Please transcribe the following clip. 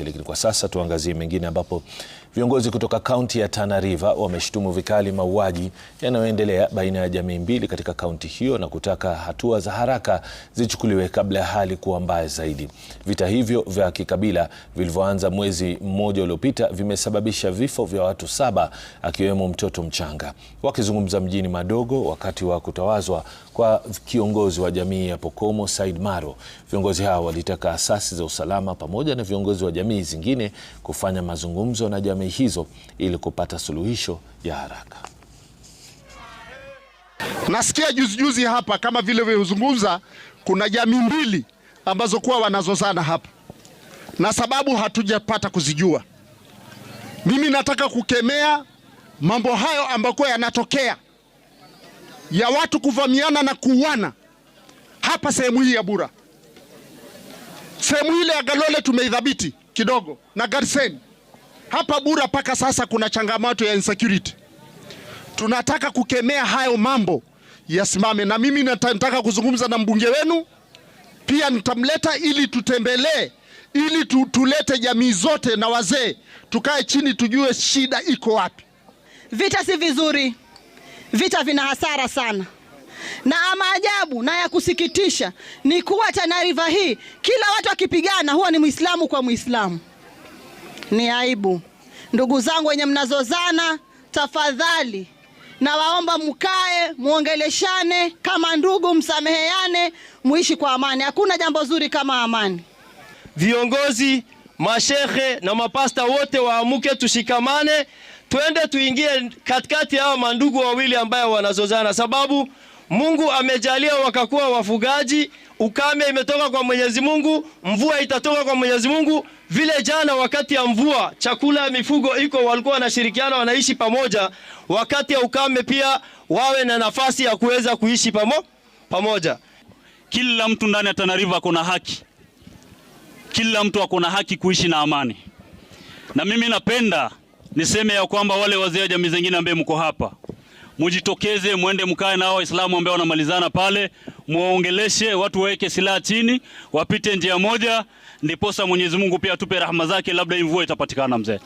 ardhi. Lakini kwa sasa tuangazie mengine, ambapo viongozi kutoka kaunti ya Tana River wameshutumu vikali mauaji yanayoendelea baina ya jamii mbili katika kaunti hiyo na kutaka hatua za haraka zichukuliwe kabla ya hali kuwa mbaya zaidi. Vita hivyo vya kikabila vilivyoanza mwezi mmoja uliopita vimesababisha vifo vya watu saba akiwemo mtoto mchanga. Wakizungumza mjini Madogo wakati wa kutawazwa kwa kiongozi wa jamii ya Pokomo Said Maro, viongozi hao walitaka asasi za usalama pamoja na viongozi wa jamii jamii zingine kufanya mazungumzo na jamii hizo ili kupata suluhisho ya haraka. Nasikia juzi juzi hapa kama vile vyozungumza, kuna jamii mbili ambazo kuwa wanazozana hapa na sababu hatujapata kuzijua. Mimi nataka kukemea mambo hayo ambayo yanatokea ya watu kuvamiana na kuuana hapa sehemu hii ya Bura, sehemu ile ya Galole tumeidhibiti, kidogo na Garsen. Hapa Bura mpaka sasa kuna changamoto ya insecurity. Tunataka kukemea hayo mambo yasimame, na mimi nataka kuzungumza na mbunge wenu pia, nitamleta ili tutembelee, ili tulete jamii zote na wazee, tukae chini tujue shida iko wapi. Vita si vizuri, vita vina hasara sana. Na maajabu na ya kusikitisha ni kuwa Tana River hii kila watu akipigana huwa ni Muislamu kwa Muislamu. Ni aibu, ndugu zangu wenye mnazozana, tafadhali nawaomba mkae muongeleshane kama ndugu, msameheane, muishi kwa amani. Hakuna jambo zuri kama amani. Viongozi, mashehe na mapasta wote waamuke, tushikamane, twende tuingie katikati ya hawa mandugu wawili ambayo wanazozana, sababu Mungu amejalia wakakuwa wafugaji, ukame imetoka kwa Mwenyezi Mungu, mvua itatoka kwa Mwenyezi Mungu. Vile jana wakati ya mvua chakula ya mifugo iko, walikuwa wanashirikiana, wanaishi pamoja. Wakati ya ukame pia wawe na nafasi ya kuweza kuishi pamo, pamoja. Kila mtu ndani ya Tana River kuna haki, kila mtu akona haki kuishi na amani, na mimi napenda niseme ya kwamba wale wazee wa jamii zingine ambaye mko hapa mujitokeze, mwende mkae na Waislamu ambao wanamalizana pale, muongeleshe watu, waweke silaha chini, wapite njia moja, ndiposa Mwenyezi Mungu pia atupe rahma zake, labda hii mvua itapatikana mzee.